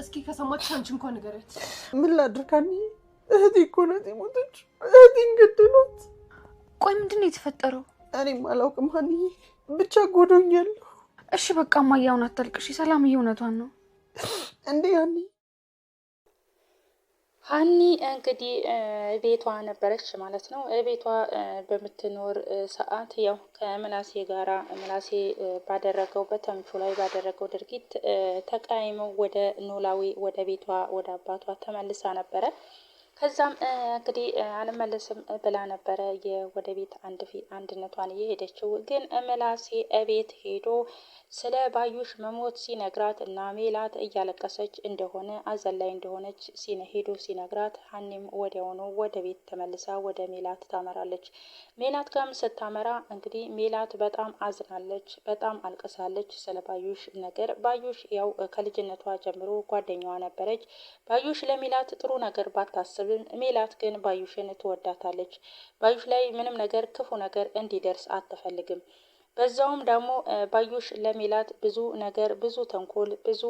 እስኪ ከሰማች አንቺ እንኳን ንገሪያት። ምን እህቴ እኮ ናት የሞተች። እህቴን ገደሏት። ቆይ ምንድን ነው የተፈጠረው? እኔም አላውቅም ሀኒዬ፣ ብቻ ጎዶኛለሁ። እሺ በቃ እማዬ፣ አሁን አታልቅሺ። ሰላምዬ እውነቷን ነው እንዴ ሀኒዬ ሀኒ እንግዲህ ቤቷ ነበረች ማለት ነው። ቤቷ በምትኖር ሰዓት ያው ከምናሴ ጋራ ምናሴ ባደረገው በተምቹ ላይ ባደረገው ድርጊት ተቃይመው ወደ ኖላዊ ወደ ቤቷ ወደ አባቷ ተመልሳ ነበረ። ከዛም እንግዲህ አልመለስም ብላ ነበረ ወደ ቤት አንድ አንድነቷን እየሄደችው። ግን ምላሴ እቤት ሄዶ ስለ ባዩሽ መሞት ሲነግራት እና ሜላት እያለቀሰች እንደሆነ አዘን ላይ እንደሆነች ሄዶ ሲነግራት፣ ሀኒም ወዲያውኑ ወደ ቤት ተመልሳ ወደ ሜላት ታመራለች። ሜላት ጋም ስታመራ እንግዲህ ሜላት በጣም አዝናለች፣ በጣም አልቅሳለች ስለ ባዩሽ ነገር። ባዩሽ ያው ከልጅነቷ ጀምሮ ጓደኛዋ ነበረች። ባዩሽ ለሜላት ጥሩ ነገር ባታስብ አያሳስብም። ሜላት ግን ባዩሽን ትወዳታለች። ባዩሽ ላይ ምንም ነገር ክፉ ነገር እንዲደርስ አትፈልግም። በዛውም ደግሞ ባዩሽ ለሜላት ብዙ ነገር ብዙ ተንኮል ብዙ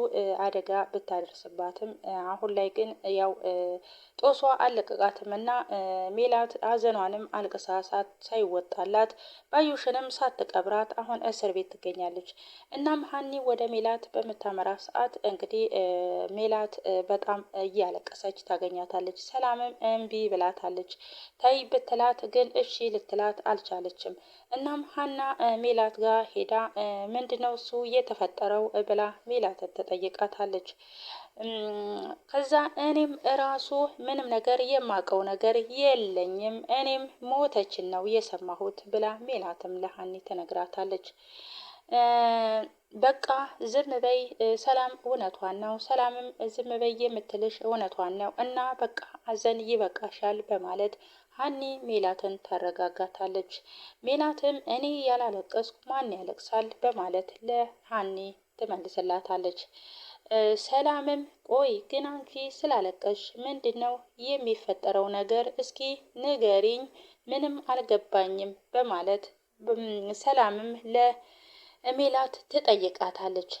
አደጋ ብታደርስባትም አሁን ላይ ግን ያው ጦሷ አለቀቃትም እና ሜላት ሀዘኗንም አልቅሳ ሳይወጣላት ባዩሽንም ሳትቀብራት አሁን እስር ቤት ትገኛለች። እናም ሀኒ ወደ ሜላት በምታመራ ሰዓት እንግዲህ ሜላት በጣም እያለቀሰች ታገኛታለች። ሰላምም እምቢ ብላታለች። ተይ ብትላት ግን እሺ ልትላት አልቻለችም። እናም ሀና ሜላት ጋር ሄዳ ምንድነው እሱ የተፈጠረው ብላ ሜላትን ትጠይቃታለች። ከዛ እኔም እራሱ ምንም ነገር የማውቀው ነገር የለኝም እኔም ሞተችን ነው የሰማሁት ብላ ሜላትም ለሀኒ ትነግራታለች። በቃ ዝም በይ ሰላም እውነቷን ነው፣ ሰላምም ዝም በይ የምትልሽ እውነቷን ነው እና በቃ አዘን ይበቃሻል በማለት ሀኒ ሜላትን ታረጋጋታለች። ሜላትም እኔ ያላለቀስኩ ማን ያለቅሳል በማለት ለሀኒ ትመልስላታለች። ሰላምም ቆይ ግን አንቺ ስላለቀሽ ምንድን ነው የሚፈጠረው ነገር እስኪ ንገሪኝ፣ ምንም አልገባኝም በማለት ሰላምም ለ ሜላት ትጠይቃታለች።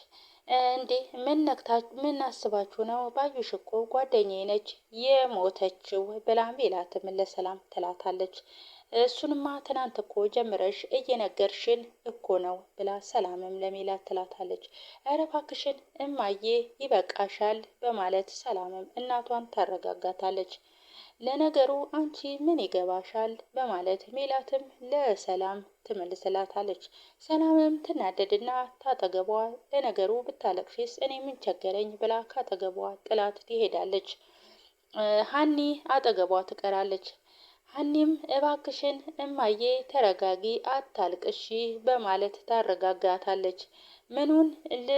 እንዴ ምን ነክታ ምን አስባችሁ ነው? ባዩሽ እኮ ጓደኛዬ ነች የሞተችው ብላ ሜላትም ለሰላም ትላታለች። እሱንማ ትናንት እኮ ጀምረሽ እየነገርሽን እኮ ነው ብላ ሰላምም ለሜላት ትላታለች። ኧረ እባክሽን እማዬ ይበቃሻል በማለት ሰላምም እናቷን ታረጋጋታለች። ለነገሩ አንቺ ምን ይገባሻል በማለት ሜላትም ለሰላም ትመልስላታለች። ሰላምም ትናደድና ታጠገቧ ለነገሩ ብታለቅሽስ እኔ ምን ቸገረኝ ብላ ካጠገቧ ጥላት ትሄዳለች። ሀኒ አጠገቧ ትቀራለች። ሀኒም እባክሽን እማዬ ተረጋጊ፣ አታልቅሺ በማለት ታረጋጋታለች። ምኑን ል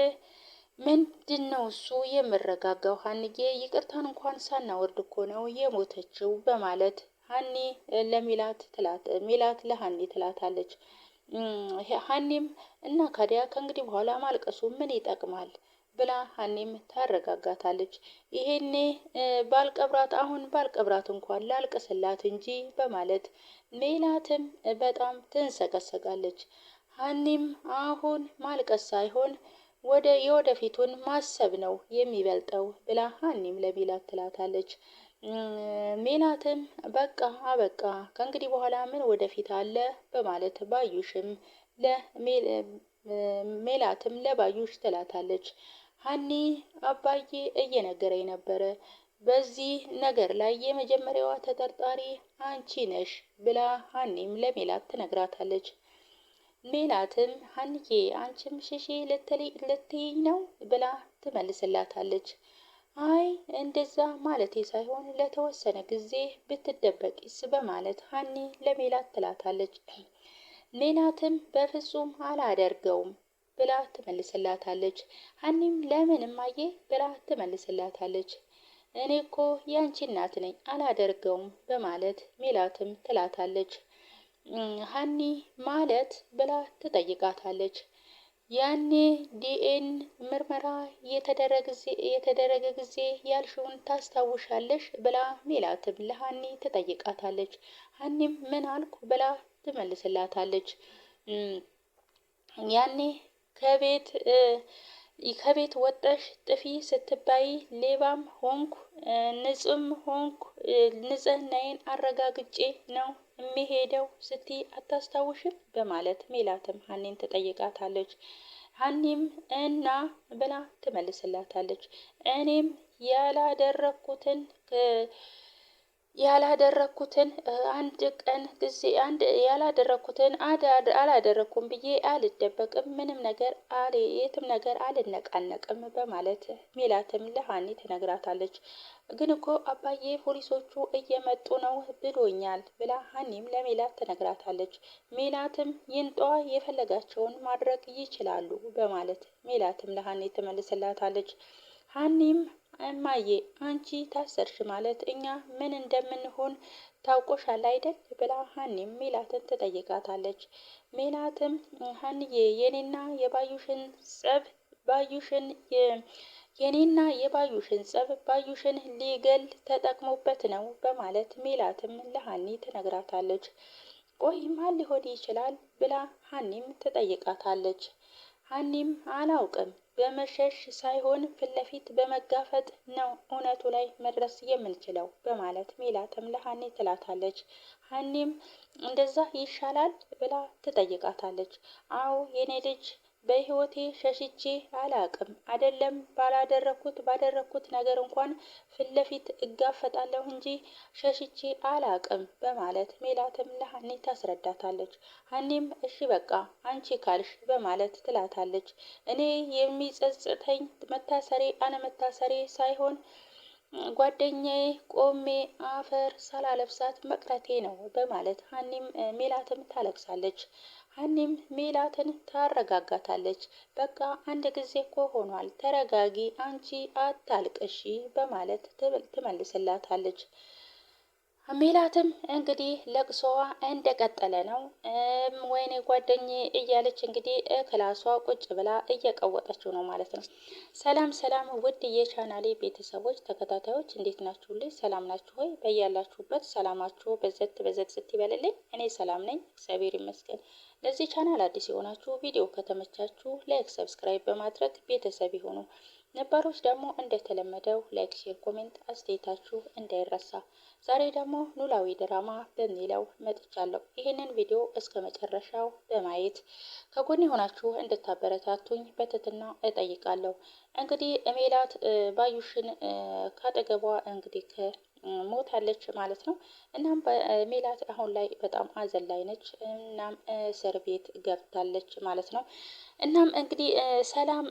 ምንድን ነው እሱ የምረጋጋው? ሀንዬ ይቅርታን እንኳን ሳናወርድ እኮ ነው የሞተችው በማለት ሀኒ ለሚላት ትላት ሚላት ለሀኒ ትላታለች። ሀኒም እና ካዲያ ከእንግዲህ በኋላ ማልቀሱ ምን ይጠቅማል ብላ ሀኒም ታረጋጋታለች። ይሄኔ ባልቀብራት አሁን ባልቀብራት እንኳን ላልቅስላት እንጂ በማለት ሜላትም በጣም ትንሰቀሰቃለች። ሀኒም አሁን ማልቀስ ሳይሆን ወደ የወደፊቱን ማሰብ ነው የሚበልጠው ብላ ሀኒም ለሚላት ትላታለች። ሜላትም በቃ አበቃ ከእንግዲህ በኋላ ምን ወደፊት አለ በማለት ባዩሽም ሜላትም ለባዩሽ ትላታለች። ሀኒ አባዬ እየነገረኝ ነበረ በዚህ ነገር ላይ የመጀመሪያዋ ተጠርጣሪ አንቺ ነሽ ብላ ሀኒም ለሜላት ትነግራታለች። ሜላትም ሀንዬ አንቺም ሽሺ ልትይኝ ነው ብላ ትመልስላታለች። አይ እንደዛ ማለቴ ሳይሆን ለተወሰነ ጊዜ ብትደበቂስ በማለት ሀኒ ለሜላት ትላታለች። ሜላትም በፍጹም አላደርገውም ብላ ትመልስላታለች። ሀኒም ለምንም አየ ብላ ትመልስላታለች። እኔ እኮ ያንቺ እናት ነኝ አላደርገውም በማለት ሜላትም ትላታለች። ሀኒ ማለት ብላ ትጠይቃታለች። ያኔ ዲኤን ምርመራ የተደረገ ጊዜ ያልሽውን ታስታውሻለሽ ብላ ሜላትም ለሀኒ ትጠይቃታለች። ሀኒም ምን አልኩ ብላ ትመልስላታለች። ያኔ ከቤት ከቤት ወጠሽ ጥፊ ስትባይ ሌባም ሆንኩ ንጹም ሆንኩ ንጽህናዬን አረጋግጬ ነው የሚሄደው ስቲ አታስታውሽም በማለት ሜላትም ሀኔን ትጠይቃታለች። ሀኒም እና ብላ ትመልስላታለች። እኔም ያላደረግኩትን ያላደረግኩትን አንድ ቀን ጊዜ አንድ ያላደረግኩትን አላደረግኩም ብዬ አልደበቅም፣ ምንም ነገር አል የትም ነገር አልነቃነቅም በማለት ሜላትም ለሀኒ ትነግራታለች። ግን እኮ አባዬ ፖሊሶቹ እየመጡ ነው ብሎኛል ብላ ሀኒም ለሜላት ትነግራታለች። ሜላትም ይንጧ የፈለጋቸውን ማድረግ ይችላሉ በማለት ሜላትም ለሀኒ ትመልስላታለች። ሀኒም እማዬ አንቺ ታሰርሽ ማለት እኛ ምን እንደምንሆን ታውቆሻል አይደል? ብላ ሀኒም ሜላትን ትጠይቃታለች። ሜላትም ሀኒዬ የኔና የባዩሽን ጸብ ባዩሽን የኔና የባዩሽን ጸብ ባዩሽን ሊገል ተጠቅሞበት ነው በማለት ሜላትም ለሀኒ ትነግራታለች። ቆይ ማን ሊሆን ይችላል ብላ ሀኒም ትጠይቃታለች። ሀኒም አላውቅም በመሸሽ ሳይሆን ፊት ለፊት በመጋፈጥ ነው እውነቱ ላይ መድረስ የምንችለው በማለት ሜላትም ለሀኔ ትላታለች። ሀኔም እንደዛ ይሻላል ብላ ትጠይቃታለች። አዎ የኔ ልጅ በህይወቴ ሸሽቼ አላቅም አይደለም ባላደረኩት ባደረኩት ነገር እንኳን ፊት ለፊት እጋፈጣለሁ እንጂ ሸሽቼ አላቅም በማለት ሜላትም ለሀኒ ታስረዳታለች። ሀኒም እሺ በቃ አንቺ ካልሽ በማለት ትላታለች። እኔ የሚጸጽተኝ መታሰሬ አለመታሰሬ ሳይሆን ጓደኛዬ ቆሜ አፈር ሳላለብሳት መቅረቴ ነው በማለት ሀኒም ሜላትም ታለቅሳለች። ሀኒም ሜላትን ታረጋጋታለች። በቃ አንድ ጊዜ እኮ ሆኗል፣ ተረጋጊ፣ አንቺ አታልቅሺ በማለት ትመልስላታለች። ሜላትም እንግዲህ ለቅሶዋ እንደቀጠለ ነው። ወይኔ ጓደኝ እያለች እንግዲህ ክላሷ ቁጭ ብላ እየቀወጠችው ነው ማለት ነው። ሰላም ሰላም፣ ውድ የቻናሌ ቤተሰቦች ተከታታዮች እንዴት ናችሁልኝ? ሰላም ናችሁ ወይ? በያላችሁበት ሰላማችሁ በዘት በዘት ስትበልልኝ፣ እኔ ሰላም ነኝ እግዚአብሔር ይመስገን። ለዚህ ቻናል አዲስ የሆናችሁ ቪዲዮ ከተመቻችሁ ላይክ፣ ሰብስክራይብ በማድረግ ቤተሰብ ይሁኑ። ነባሮች ደግሞ እንደተለመደው ላይክ፣ ሼር፣ ኮሜንት አስተያየታችሁ እንዳይረሳ ዛሬ ደግሞ ኖላዊ ድራማ በሚለው መጥቻለሁ። ይህንን ቪዲዮ እስከ መጨረሻው በማየት ከጎን የሆናችሁ እንድታበረታቱኝ በትህትና እጠይቃለሁ። እንግዲህ ሜላት ባዩሽን ካጠገቧ እንግዲህ ሞታለች ማለት ነው። እናም ሜላት አሁን ላይ በጣም አዘን ላይ ነች። እናም እስር ቤት ገብታለች ማለት ነው። እናም እንግዲህ ሰላም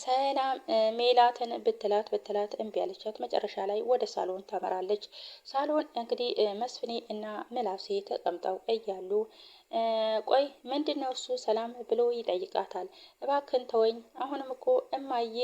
ሰላም ሜላትን ብትላት ብትላት እምቢ ያለቻት መጨረሻ ላይ ወደ ሳሎን ታመራለች። ሳሎን እንግዲህ መስፍኔ እና ምላሴ ተቀምጠው እያሉ ቆይ ምንድነው እሱ ሰላም ብሎ ይጠይቃታል። እባክን ተወኝ፣ አሁንም እኮ እማዬ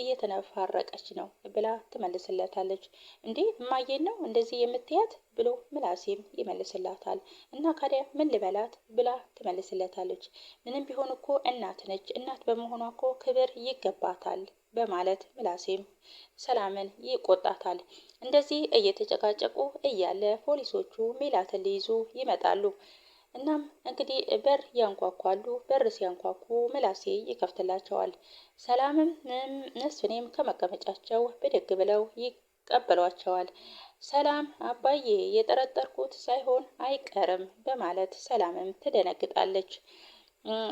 እየተነፋረቀች ነው ብላ ትመልስለታለች። እንዴ እማዬን ነው እንደዚህ የምትያት ብሎ ምላሴም ይመልስላታል። እና ካዲያ ምን ልበላት ብላ ትመልስለታለች። ምንም ቢሆን እኮ እናት ነች፣ እናት በመሆኗ እኮ ክብር ይገባታል በማለት ምላሴም ሰላምን ይቆጣታል። እንደዚህ እየተጨቃጨቁ እያለ ፖሊሶቹ ሜላትን ሊይዙ ይመጣሉ። እናም እንግዲህ በር ያንኳኳሉ። በር ሲያንኳኩ ምላሴ ይከፍትላቸዋል። ሰላምም መስፍኔም ከመቀመጫቸው ብድግ ብለው ይቀበሏቸዋል። ሰላም አባዬ የጠረጠርኩት ሳይሆን አይቀርም በማለት ሰላምም ትደነግጣለች።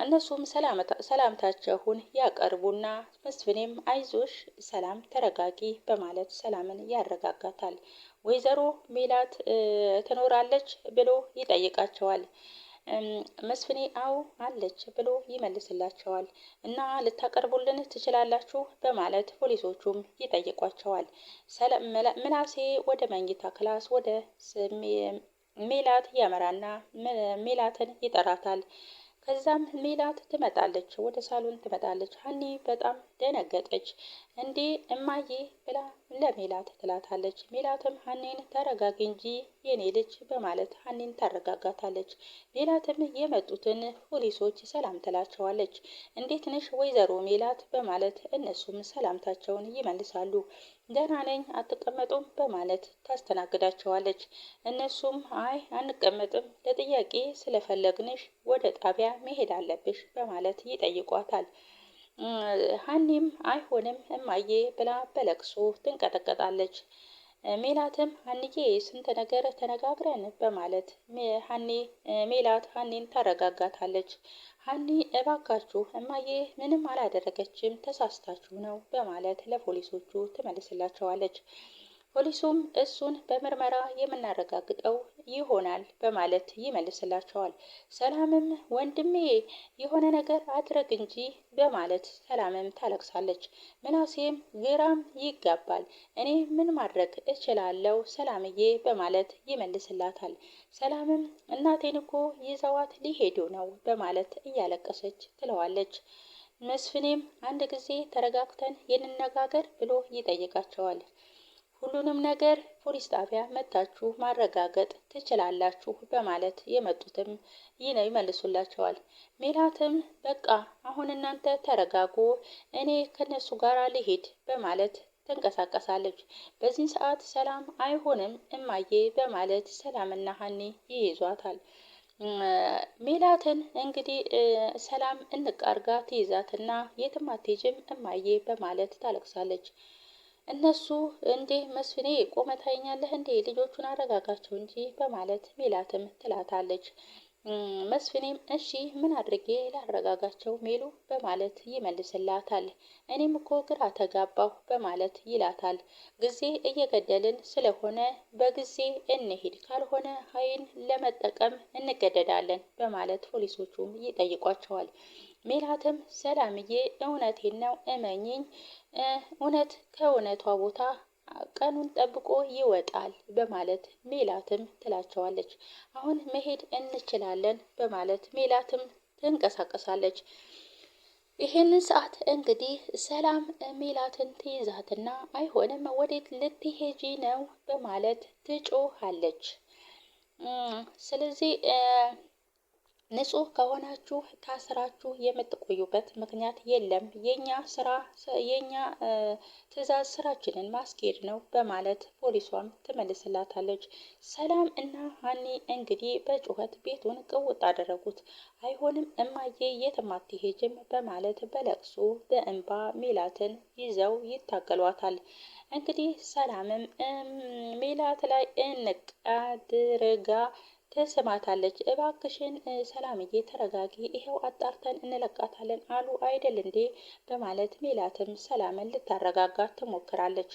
እነሱም ሰላምታቸውን ያቀርቡና መስፍኔም አይዞሽ፣ ሰላም ተረጋጊ በማለት ሰላምን ያረጋጋታል። ወይዘሮ ሜላት ትኖራለች ብሎ ይጠይቃቸዋል። መስፍኔ አው አለች ብሎ ይመልስላቸዋል። እና ልታቀርቡልን ትችላላችሁ በማለት ፖሊሶቹም ይጠይቋቸዋል። ምናሴ ወደ መኝታ ክላስ ወደ ሜላት ያመራና ሜላትን ይጠራታል። ከዛም ሜላት ትመጣለች፣ ወደ ሳሎን ትመጣለች። ሀኒ በጣም ደነገጠች። እንዴ እማዬ ብላ ለሜላት ትላታለች። ሜላትም ሀኒን ተረጋጊ እንጂ የኔ ልጅ በማለት ሀኒን ታረጋጋታለች። ሜላትም የመጡትን ፖሊሶች ሰላም ትላቸዋለች። እንዴት ነሽ ወይዘሮ ሜላት በማለት እነሱም ሰላምታቸውን ይመልሳሉ። ደህና ነኝ አትቀመጡም በማለት ታስተናግዳቸዋለች። እነሱም አይ አንቀመጥም፣ ለጥያቄ ስለፈለግንሽ ወደ ጣቢያ መሄድ አለብሽ በማለት ይጠይቋታል። ሀኒም አይሆንም እማዬ ብላ በለቅሶ ትንቀጠቀጣለች። ሜላትም ሀንዬ ስንት ነገር ተነጋግረን በማለት ሀኔ ሜላት ሀኒን ታረጋጋታለች። ሀኒ እባካችሁ እማዬ ምንም አላደረገችም ተሳስታችሁ ነው በማለት ለፖሊሶቹ ትመልስላቸዋለች። ፖሊሱም እሱን በምርመራ የምናረጋግጠው ይሆናል በማለት ይመልስላቸዋል። ሰላምም ወንድሜ የሆነ ነገር አድረግ እንጂ በማለት ሰላምም ታለቅሳለች። ምናሴም ግራም ይጋባል። እኔ ምን ማድረግ እችላለሁ ሰላምዬ በማለት ይመልስላታል። ሰላምም እናቴን እኮ ይዘዋት ሊሄዱ ነው በማለት እያለቀሰች ትለዋለች። መስፍኔም አንድ ጊዜ ተረጋግተን የንነጋገር ብሎ ይጠይቃቸዋል። ሁሉንም ነገር ፖሊስ ጣቢያ መታችሁ ማረጋገጥ ትችላላችሁ በማለት የመጡትም ይህ ነው ይመልሱላቸዋል። ሜላትም በቃ አሁን እናንተ ተረጋጉ፣ እኔ ከነሱ ጋር ልሂድ በማለት ተንቀሳቀሳለች። በዚህ ሰዓት ሰላም አይሆንም እማዬ በማለት ሰላምና ሀኒ ይይዟታል። ሜላትን እንግዲህ ሰላም እንቃርጋ ትይዛትና የትም አትሄጂም እማዬ በማለት ታለቅሳለች። እነሱ እንዴ መስፍኔ ቆመ ታይኛለህ እንዴ ልጆቹን አረጋጋቸው እንጂ በማለት ሜላትም ትላታለች። መስፍኔም እሺ ምን አድርጌ ላረጋጋቸው ሜሉ በማለት ይመልስላታል። እኔም እኮ ግራ ተጋባሁ በማለት ይላታል። ጊዜ እየገደልን ስለሆነ በጊዜ እንሄድ ካልሆነ ኃይል ለመጠቀም እንገደዳለን በማለት ፖሊሶቹም ይጠይቋቸዋል። ሜላትም ሰላምዬ እውነቴን ነው እመኝኝ፣ እውነት ከእውነቷ ቦታ ቀኑን ጠብቆ ይወጣል በማለት ሜላትም ትላቸዋለች። አሁን መሄድ እንችላለን በማለት ሜላትም ትንቀሳቀሳለች። ይህንን ሰዓት እንግዲህ ሰላም ሜላትን ትይዛትና አይሆንም፣ ወዴት ልትሄጂ ነው በማለት ትጮሃለች። ስለዚህ ንጹህ ከሆናችሁ ታስራችሁ የምትቆዩበት ምክንያት የለም። የኛ ስራ የኛ ትዕዛዝ ስራችንን ማስኬድ ነው በማለት ፖሊሷም ትመልስላታለች። ሰላም እና ሀኒ እንግዲህ በጩኸት ቤቱን ቅውጥ አደረጉት። አይሆንም እማዬ የትም አትሄጂም በማለት በለቅሶ በእንባ ሜላትን ይዘው ይታገሏታል። እንግዲህ ሰላምም ሜላት ላይ እንቅ አድርጋ ትስማታለች። እባክሽን ሰላምዬ ተረጋጊ፣ ይሄው አጣርተን እንለቃታለን አሉ አይደል እንዴ በማለት ሜላትም ሰላምን ልታረጋጋ ትሞክራለች።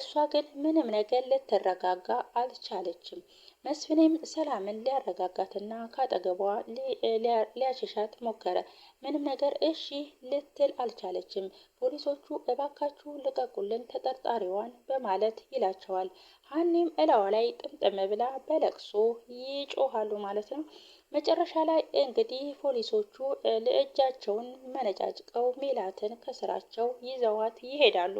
እሷ ግን ምንም ነገር ልትረጋጋ አልቻለችም። መስፍኔም ሰላምን ሊያረጋጋትና ካጠገቧ ሊያሸሻት ሞከረ። ምንም ነገር እሺ ልትል አልቻለችም። ፖሊሶቹ እባካችሁ ልቀቁልን ተጠርጣሪዋን በማለት ይላቸዋል። ሀኒም እላዋ ላይ ጥምጥም ብላ በለቅሶ ይጮሃሉ ማለት ነው። መጨረሻ ላይ እንግዲህ ፖሊሶቹ ለእጃቸውን መነጫጭቀው ሜላትን ከስራቸው ይዘዋት ይሄዳሉ።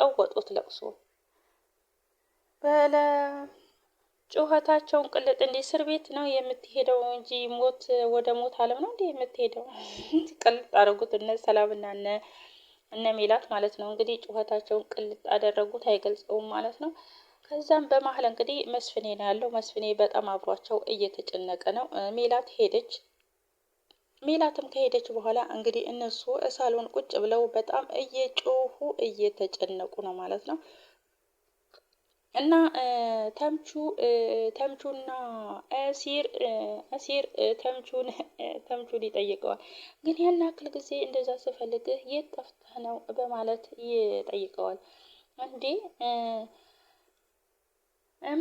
ቀወጡት ለቅሶ በለ ጩኸታቸውን ቅልጥ እንዲ እስር ቤት ነው የምትሄደው እንጂ ሞት ወደ ሞት አለም ነው እንዴ የምትሄደው? ቅልጥ አድርጉት እነ ሰላምና እነ እነ ሜላት ማለት ነው። እንግዲህ ጩኸታቸውን ቅልጥ አደረጉት፣ አይገልጸውም ማለት ነው። ከዛም በመሀል እንግዲህ መስፍኔ ነው ያለው። መስፍኔ በጣም አብሯቸው እየተጨነቀ ነው። ሜላት ሄደች። ሜላትም ከሄደች በኋላ እንግዲህ እነሱ ሳሎን ቁጭ ብለው በጣም እየጮሁ እየተጨነቁ ነው ማለት ነው። እና ተምቹ ተምቹና አሲር አሲር ተምቹን ተምቹን ይጠይቀዋል። ግን ያን ያክል ጊዜ እንደዛ ስፈልግህ የት ጠፍተህ ነው በማለት ይጠይቀዋል። እንዴ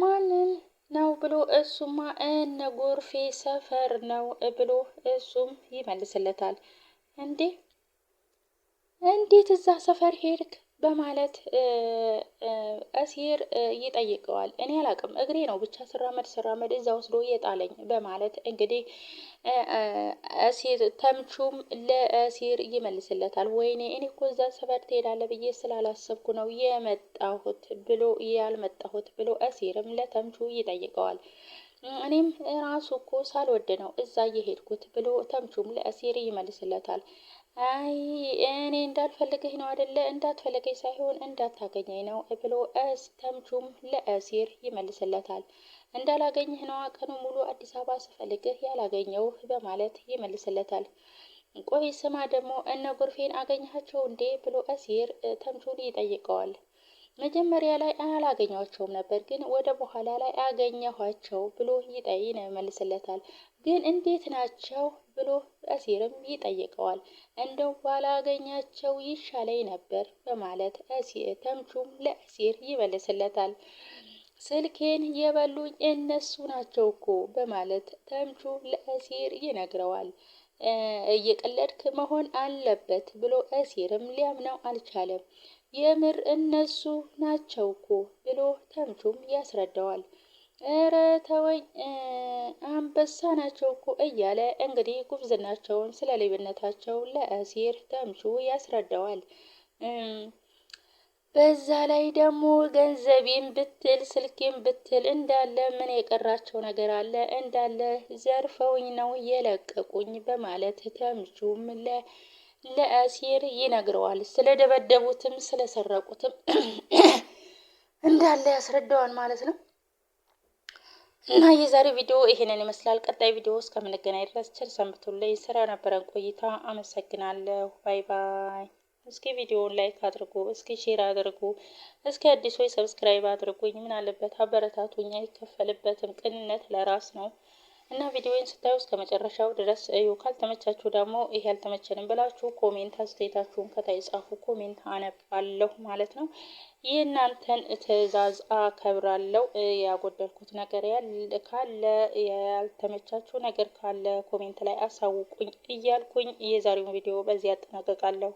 ማንን ነው ብሎ እሱማ እነ ጎርፌ ሰፈር ነው ብሎ እሱም ይመልስለታል። እንዴ እንዴት እዛ ሰፈር ሄድክ በማለት እሲር ይጠይቀዋል። እኔ አላውቅም እግሬ ነው ብቻ ስራመድ ስራመድ እዛ ወስዶ የጣለኝ በማለት እንግዲህ እሲር ተምቹም ለእሲር ይመልስለታል። ወይኔ እኔ እኮ እዛ ሰፈር ትሄዳለህ ብዬ ስላላሰብኩ ነው የመጣሁት ብሎ ያልመጣሁት ብሎ እሲርም ለተምቹ ይጠይቀዋል። እኔም ራሱ እኮ ሳልወድ ነው እዛ የሄድኩት ብሎ ተምቹም ለእሲር ይመልስለታል። አይ እኔ እንዳልፈልግህ ነው አደለ? እንዳትፈልገኝ ሳይሆን እንዳታገኘኝ ነው ብሎ እስ ተምቹም ለእሲር ይመልስለታል። እንዳላገኘህ ነዋ ቀኑ ሙሉ አዲስ አበባ ስፈልግህ ያላገኘው በማለት ይመልስለታል። ቆይ ስማ ደግሞ እነ ጎርፌን አገኘሃቸው እንዴ? ብሎ እሲር ተምቹን ይጠይቀዋል። መጀመሪያ ላይ አላገኟቸውም ነበር፣ ግን ወደ በኋላ ላይ አገኘኋቸው ብሎ ይጠይ ይመልስለታል። ግን እንዴት ናቸው ብሎ እሲርም ይጠይቀዋል። እንደው ባላገኛቸው ይሻለኝ ነበር በማለት ተምቹም ለእሲር ይመልስለታል። ስልኬን የበሉኝ እነሱ ናቸው እኮ በማለት ተምቹ ለእሲር ይነግረዋል። እየቀለድክ መሆን አለበት ብሎ እሲርም ሊያምነው አልቻለም። የምር እነሱ ናቸው እኮ ብሎ ተምቹም ያስረዳዋል። እረ ተወኝ አንበሳ ናቸው እኮ እያለ እንግዲህ ጉብዝናቸውን ስለ ሌብነታቸው ለአሲር ተምቹ ያስረዳዋል። በዛ ላይ ደግሞ ገንዘቤን ብትል ስልኬን ብትል እንዳለ ምን የቀራቸው ነገር አለ እንዳለ ዘርፈውኝ ነው የለቀቁኝ በማለት ተምቹም ለአሴር ይነግረዋል። ስለደበደቡትም ስለሰረቁትም እንዳለ ያስረዳዋል ማለት ነው። እና የዛሬ ቪዲዮ ይሄንን ይመስላል። ቀጣይ ቪዲዮ እስከምንገናኝ ድረስ ቸር ሰንብቱልኝ። ስራ ነበረን ቆይታ አመሰግናለሁ። ባይ ባይ። እስኪ ቪዲዮውን ላይክ አድርጉ፣ እስኪ ሼር አድርጉ፣ እስኪ አዲሶች ሰብስክራይብ አድርጉኝ። ምን አለበት አበረታቱኝ፣ አይከፈልበትም። ቅንነት ለራስ ነው። እና ቪዲዮውን ስታዩ እስከ መጨረሻው ድረስ እዩ። ካልተመቻችሁ ደግሞ ይሄ አልተመቸንም ብላችሁ ኮሜንት አስተያየታችሁን ከታይ ጻፉ። ኮሜንት አነባለሁ ማለት ነው። የእናንተን ትዕዛዝ አከብራለሁ። ያጎደልኩት ነገር ካለ ያልተመቻችሁ ነገር ካለ ኮሜንት ላይ አሳውቁኝ እያልኩኝ የዛሬውን ቪዲዮ በዚህ አጠናቀቃለሁ።